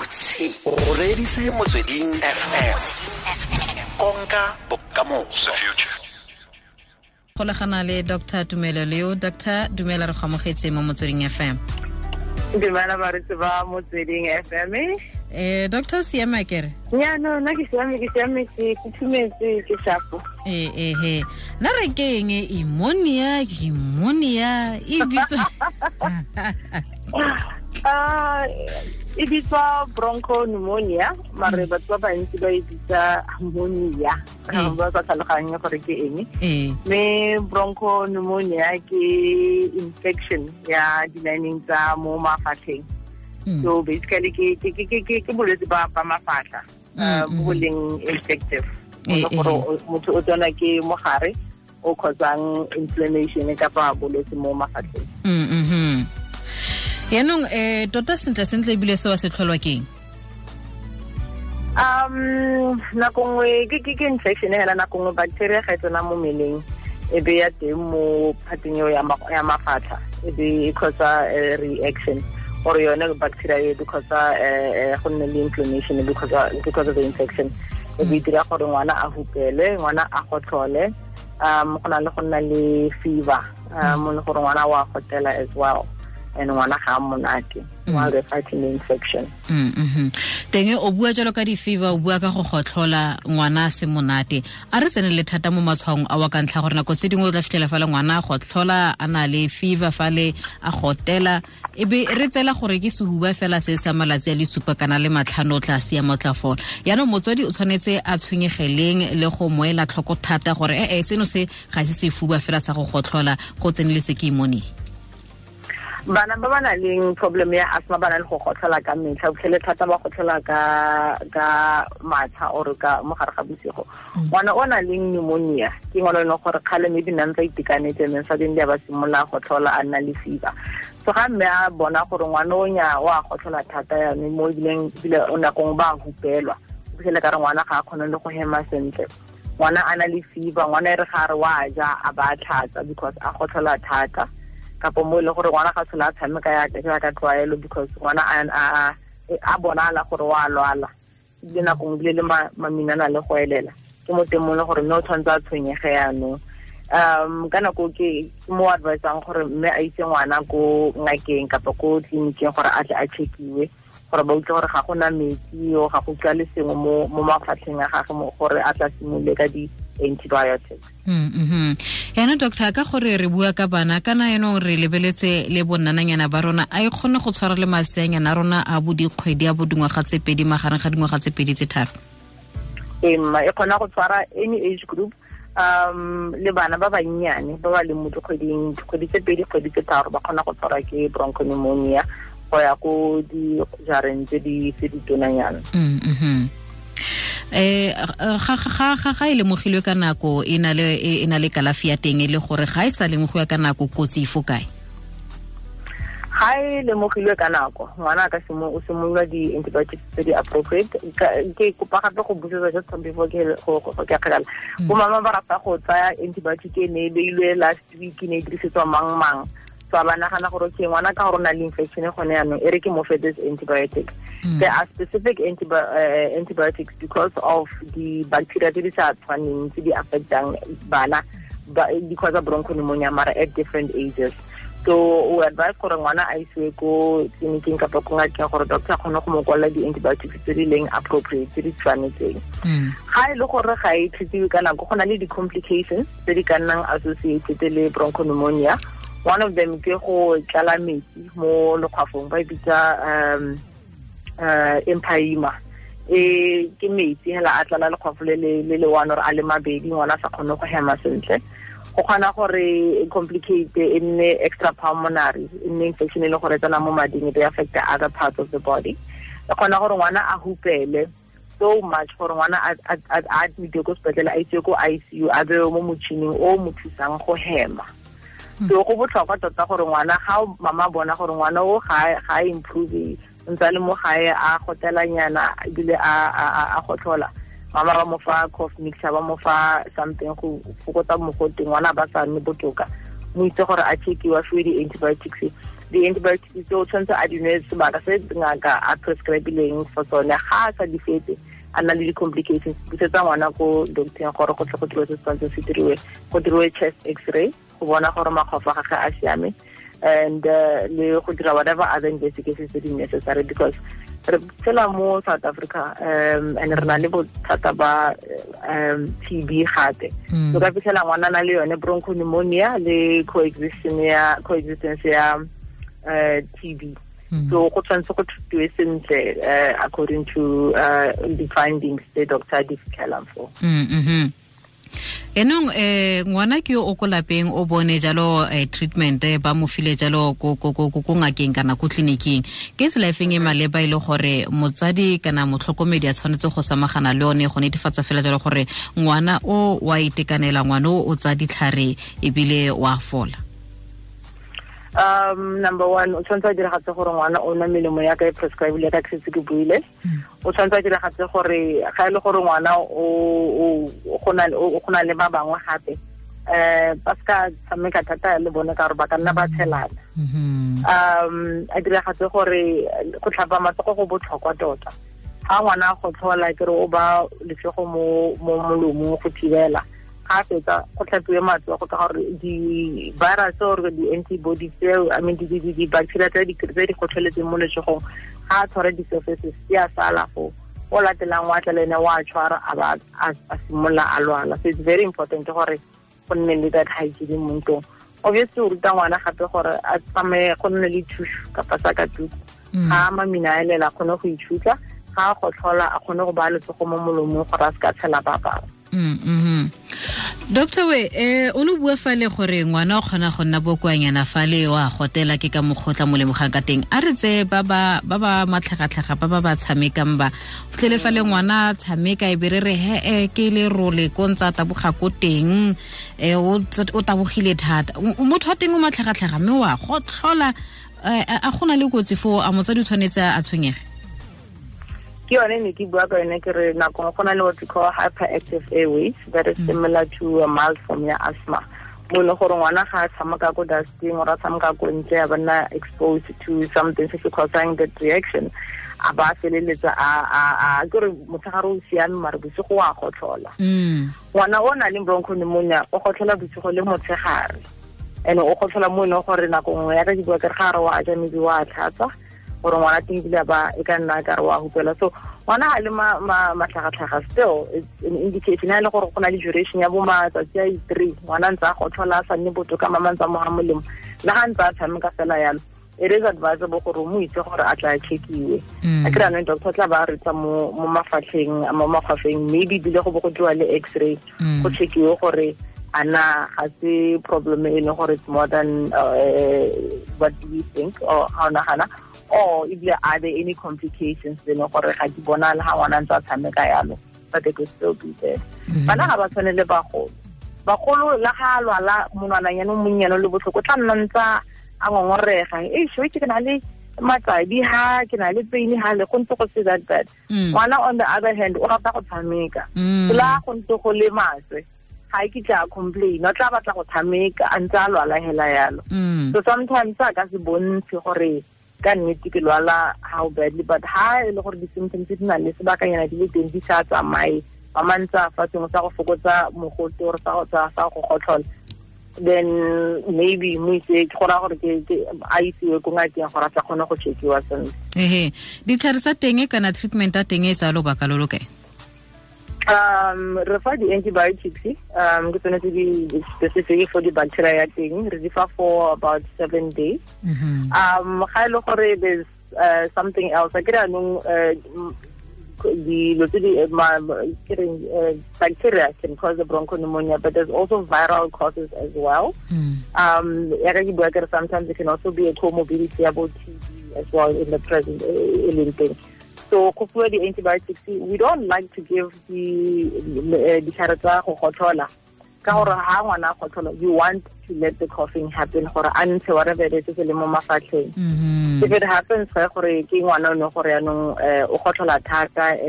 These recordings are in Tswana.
botse o reditse motsweding fm konka bokamoso golagana le dr tumelo leo dr dumela re go mo motsweding fm dumela baretsi ba motsweding fm eh doctor siama kere ya no na ke siame ke siame ke kutumetse ke shapo eh eh he eh. na re ke eng e imonia imonia e bitso e bitswa bronco pneumonia mare mm. batho ba bantsi ba e bitsa ammonia eh. ba sa tlhaloganye gore ke eng eh. mme bronco pneumonia ke infection ya dinaneng tsa mo mafatlheng mm. so basically ke bolwetse ba mafatlha mm, eh, bo boleng infective gore motho o tsena ke mogare o khotsang inflammation kapa bolwetse mo mafatlheng mm-hmm. yaanong um eh, tota sentle sentle ebile se wa se tlholwa keng um nako nngwe ke infection e fela nako nngwe bacteria ga e tsena mo meleng e be ya teng mo phateng eo ya mafatlha e be e causa eh, reaction or yone bacteria e because eh, go nne le inflammation e because of e the infection e be dira gore ngwana a hupele ngwana a gotlhole um go na le go nna le fever um le gore ngwana wa gotela as well and ngwana ga monate wa refatin infection teng e, o bua jalo ka di-fever o bua ka go gotlhola ngwana a se monate a re tsene le thata mo matshwaong a wa ka ntlha gore nako tse dingwe o tla fitlhela fa le ngwana a gotlhola a na le fever fa le a gotela e be re tsela gore ke sehuba fela se sa malatsi a le supa kana le matlhano o tla siama o fola yaanong motswadi o tshwanetse a tshwenyegeleng le go moela tlhoko thata gore ee seno se ga se sefuba fela sa go gotlhola go tsenele se ke imoneng bana ba ba na le problem ya asthma ba na le go gotlhola ka metlha botlhele thata ba gotlhola ka ka matsha or ka mogare ga bosigo mm. ngwana o na le pneumonia ke ngwana e leng gore kgale mme dina ntsa itekanetse men sa di a ba simolola gotlhola a nna le fever so ga mme a bona gore ngwana o nya o a gotlhola thata yane mo ebileng ebile o nakong ba hupelwa botlhele ka re ngwana ga a kgone le go hema sentle ngwana a na le fever ngwana e re ga re wa ja a ba tlhatsa because a gotlhola thata kapo mo e gore ngwana ga a tshameka because ngwana a bonala gore wa lwala ebile nako ngwe le le go elela ke mo teng mole gore mme o a tshwenyege yaanong um ka nako ke mo gore mme a itse ngwana ngakeng gore a tle a gore ba gore ga gona metsi o ga go utlwa le sengwe mo mafatlheng a gore a tla ka di antibiotics mm -hmm. yana doctor ka gore re bua ka bana kana yanong re lebeletse le bonnananyana ba rona a e kgone go tshwara le maseanyana a rona a bo dikgwedi a bo dingwaga tse pedi magareng ga dingwaga tse pedi tse tharo emma e kgona go tshwara any age group um le bana ba bannyane ba ba leng mo dikgweding dikgwedi tse pedi kgwedi tse tharo ba kgona go tshwarwa ke bronconemonia go ya ko dijareng tse di tonanyana mm -hmm. hmm, hmm. eh ga ga ga ga ile e mogilwe ka nako e na le e, e na le kalafi ya teng e le gore ga e sa leng go ya ka nako kotsi ifo kae ga e lemogilwe ka nako ngwana ka simo o simolola di-antibiotics tse di appropriate ke kopa gape go busetsa just before ke kgakala bo mm. mama ba rata go tsaya antibiotic e ne e beilwe last week ne e dirisetswa mang mang so ba nagana gore ke ngwana ka gore o na le infection gone yanong e re ke mo fete antibiotic hmm. there are specific eh, antibiotics because of di-bacteria tse di sa tshwaneng tse di affectang bana because of bronchopneumonia mara at different ages so o advise gore ngwana a isiwe ko tleliniking kapa ko ngakeng gore doctor a kgone go mo kwalela di-antibiotics tse di leng appropriate tse di tshwanetseng hmm. ga e le gore ga e tlhetsiwe ka nako go na le di-complications tse di ka nnang associated le bronchopneumonia mm. one of them ke go tlala metsi mo lokgwafong ba bitsa um uh, empaima e ke metsi hela a tlala lekgwafo le le le one or a le mabedi ngwana sa kgone go hema sentle go kgona gore complicate e nne extra pulmonary e nne infection e le gore tsena mo mading e affect other parts of the body e kgona gore ngwana a hupele so much gore ngwana a admite ko sepetlele a itse ko ICU a mo motšhining o mo thusang go hema so go botlhokwa tota gore ngwana ga mama bona gore ngwana o ga ga improve ntse le mo gae a gotelanyana ebile a gotlhola mama ba mo fa cough mixture ba mo fa something go fokotsa mogote ngwana ba sa nne botoka mo itse gore a checkiwa fiwe di-antibiotics di-antibiotics tse o tshwanetse a dinwe sebaka se ngaka a prescribileng for tsone ga a sa di fete a nna le di-complications busetsa ngwana ko docteng gore go tle go diriwe se tshwanetse se diriwe go diriwe chest x-ray go bona gore makgwafo a gage a siame and uh, le go dira whatever other investigations tse di necessary because re phela mo south africa um and re na le bothata ba um t b gape hmm. so ka fitlhela ngwana na le yone bronchopneumonia le coexistence ya uh, t b Mm. so go tshwanetse go thutiwe sentle uh, according to uh, the findings the doctor di fitlhelang for mm -hmm. eh ngwana ke o ko lapeng o bone jalo eh, treatment eh, ba mofile jalo ko ngakeng kana ko tleliniking ke tsela efeng e maleba e le gore motsadi kana motlhokomedi a tshwanetse go samagana le one go netefatsa fela jalo gore ngwana o wa itekanela ngwana o o tsa ditlhare ebile wa fola um number one o tshwanetse a diragatse gore ngwana o nwa melemo ya ka e prescribile ka ke setse ke buile mm. o tshwanetse a diragatse gore ga e le gore ngwana o go na le ba bangwe gape um ba seka tshameka thata le bone ka gore ba ka nna ba tshelana mm-hmm. um a diragatse gore go tlhapa matsogo go botlhokwa tota ga ngwana a gotlhola ke re o ba lesego mo molomong go thibela ga fetsa go tlhapiwe matlo go tla gore di-virus or di-antibody tseo i mean di-bacteria tse di gotlheletseng mo letsogong ga a tshware di-surfaces di a sala go o latelang wa tla le ene wa tshwara a simolola a lwala so it's very important gore go nne le that hygiene mo ntlong obviously o ruta ngwana gape gore a tsamaye go nne le thuso kapa sa ka tuku mm. ga mamina a elela kgone go ithutla ga a gotlhola a kgone go baya letsogo mo molomong gore a se ka tshela ba bangwe mm, mm-hmm. Dr. We eh o no bua fa le gore ngwana o kgona go nna bokoanyana fa le wa gotela ke ka mogotla mo lemogang ka teng a re tse ba ba ba ba matlhagatlhaga ba ba ba tshamekang ba o tlele fa le ngwana tshameka e be re re he e ke le role ko ntse taboga ko teng eh o o tabogile thata motho wa teng o matlhagatlhaga mme wa eh, go tlhola a gona le kotsi foo a motsadi tshwanetse a tshwenyege ke yone ne ke bua ka yone ke re nakong go na le what we call hyperactive airways that is mm. similar to a mild form ya asthma mo e gore ngwana ga a tshameka ko dusting ore a tshameka ko ntle a bana exposed to something se se causing that reaction a ba feleletsa a ke kore motshegare o siame mare bosigo a gotlhola mm. ngwana o na leng bronchopneumonia o gotlhola bosigo le motshegare and o gotlhola mo e leng gore nako nngwe ya ka ke bua kere ga a re wa ja medi wa a tlhatsa gore ngwana te ebile ba e ka nna ka wa hupela so ngwana le matlhagatlhaga still it's an indication ha le gore go na le duration ya bo matsatsi a three ngwana ntse a gotlhola a sa nne botoka mama ntse a moga molemo le ga ntse a tshameka fela yalo it is advisable gore mo itse gore a tla chekiwe mm. a kry anong doctor tla ba retsa mo mafatlheng mo makgwafeng maybe bile go bo go diwa le x-ray mm. go gore ana ga se problem e leng gore it's more than uh, what do we think or ga o nagana or if there are there any complications tse leng gore ga di bonale ga ngwana ntse a tshameka yalo but they could still be there mm-hmm. bana ga ba tshwane le bagolo bagolo la ga a lwala monwananyano monnyano le botlhoko tla nna ntsa a ngongorega e shoe ke na le matsadi ha ke na le pain ha le go ntse go se that that mm. ngwana on the other hand o rata go tshameka mm. la go ntse go le maswe ga ke tla complain o tla batla go tshameka a ntse a lwala hela yalo mm. so sometimes a ka se bontshe gore ka nnete ke lwala how badly but ha e le gore di-symptoms di nang le sebakanyana di le teng di sa tsamaye ba mantse a fa sengwe sa go fokotsa mogote or sa go gotlhola then maybe mo itse go raya gore a isiwe ko ngakeng gore a tla kgone go chekiwa sentle ehe ditlhare tsa teng kana treatment a teng e tsaya lobaka lo lo um re fa di-antibiotics um ke tsone tse di specific for di-bacteria ya teng re di fa for about seven days mm-hmm. um ga e le gore there's uh, something else a kry anong uh, dilo tse di eh, uh, bacteria can cause the bronchopneumonia but there's also viral causes as well mm. um yaka ke bua kere sometimes it can also be a comorbidity ya bo tb as well in the present eh, e leng teng so go the antibiotics we don't like to give the eh, tsa go gotlhola ka gore ha ngwana a gotlhola you want to let the coughing happen gore a ntshe whatever it is se le mo mafatlheng mm-hmm. if it happens ge gore ke ngwana o ne gore yaanong eh, o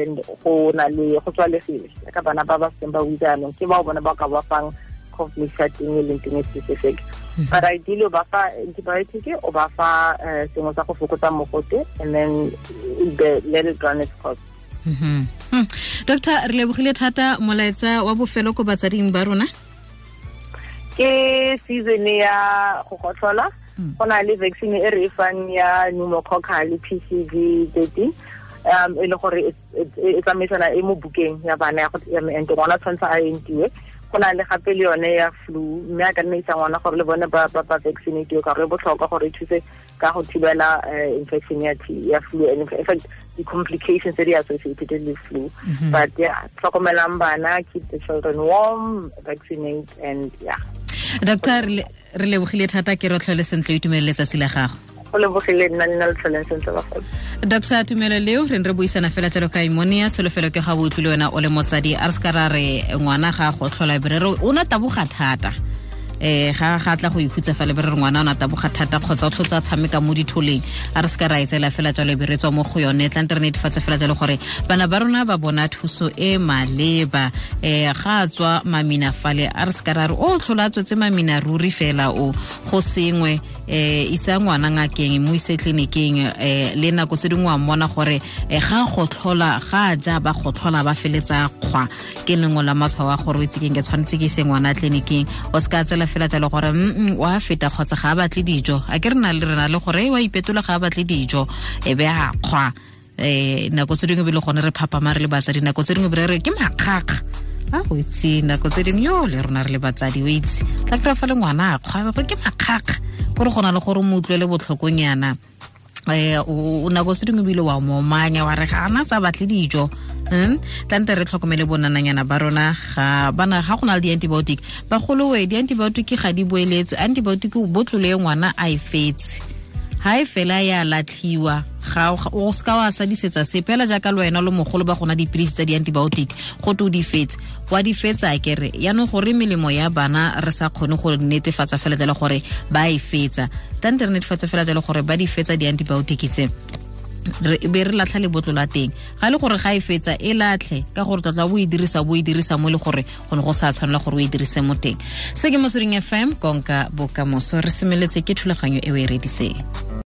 and go na le go tswalegile ka bana ba ba seng ba witsa yaanong ke bao bone ba coffmeshating e leng teng e specific but ideally o ba fa antibiotic o ba fa eh, sengwe sa go fokotsa mogote and then the let it run its course doctor re lebogile thata molaetsa wa bofelo ko batsading ba rona ke season ya go gotlhola hmm. go na le vaccine e re e fang ya pneumococcal pcv thirteen um e le gore e, e, e tsamaisana e mo bukeng ya bana ya go ya meento ngwana tshwanetse a entiwe go na le gape le yone ya flu mme a ka nna isa ngwana gore le bone ba ba ba vaccinate ka gore e botlhokwa gore e thuse ka go thibela eh, infection ya ya flu and in fact the complications that are associated with flu mm -hmm. but yeah tlhokomelang bana keep the children warm vaccinate and yeah doctor re lebogile thata ke rotlhole sentle o itumelele tsatsi la gago go lebogile nna le na le tlhole sentse bagolo doctor tumelo leo re re buisana fela jalo ka imonia solofelo ke ga o utlwile wena o le motsadi a re se ka ra re ngwana ga go tlhola berero o na taboga thata eh ga ga tla go ikhutsa fa le be re re ngwana o na taboga thata kgotsa o tlhotsa tshameka mo ditholeng a re se ka ra etsela fela jalo e tswa mo go yone e tla nte re netefatse fela jalo gore bana ba rona ba bona thuso e maleba eh ga tswa mamina fale a re se ra re o oh, tlhola tswetse mamina ruri fela o go sengwe eh isa ngwana ngakeng mo ise tleliniking eh le nako tse dingwe wa mmona gore eh, ga go tlhola ga ja ba go tlhola ba feletsa kgwa ke lengwe la matshwao a gore o itse keng ke tshwanetse ke ise ngwana tleliniking o se ka tsela ipetola fela tsa le gore mm wa feta kgotsa ga a batle dijo a ke re na le rena le gore ee, wa ipetola ga a batle dijo e be a kgwa um e, nako se dingwe e be le gone re phapama re le batsadi nako se dingwe e bere re ke makgakga a go itse nako tse dingwe yo le rona re le batsadi o itse tla kry fa le ngwana a kgwa gore ke makgakga kore go na le gore mo utlwele botlhokong yana um o nako se dingwe bile wa momanya wa re ga ana sa batle dijo um hmm? tlante re tlhokomele bonananyana ba rona ga bana ga go na le di-antibiotic e di-antibiotic ga di boeletswe antibiotic botlolo e ngwana a e fetse ha e fela ya latlhiwa ga o seka wa sadisetsa se fela jaaka le wena le mogolo ba gona dipilisi tsa di-antibiotic go te o di fetse wa di fetsa kere yaanong gore melemo ya bana re sa kgone go netefatsa fela tse le gore ba e fetsa tante re netefatsa fela tse le gore ba di fetsa di-antibiotic tse be re latlha lebotlo la teng ga e le gore ga e fetsa e latlhe ka gore tlotla bo e dirisa bo e dirisa mo e le gore go ne go sa tshwanela gore o e dirise mo teng se ke mo fm konka bokamoso re semeletse ke thulaganyo e o e reditseng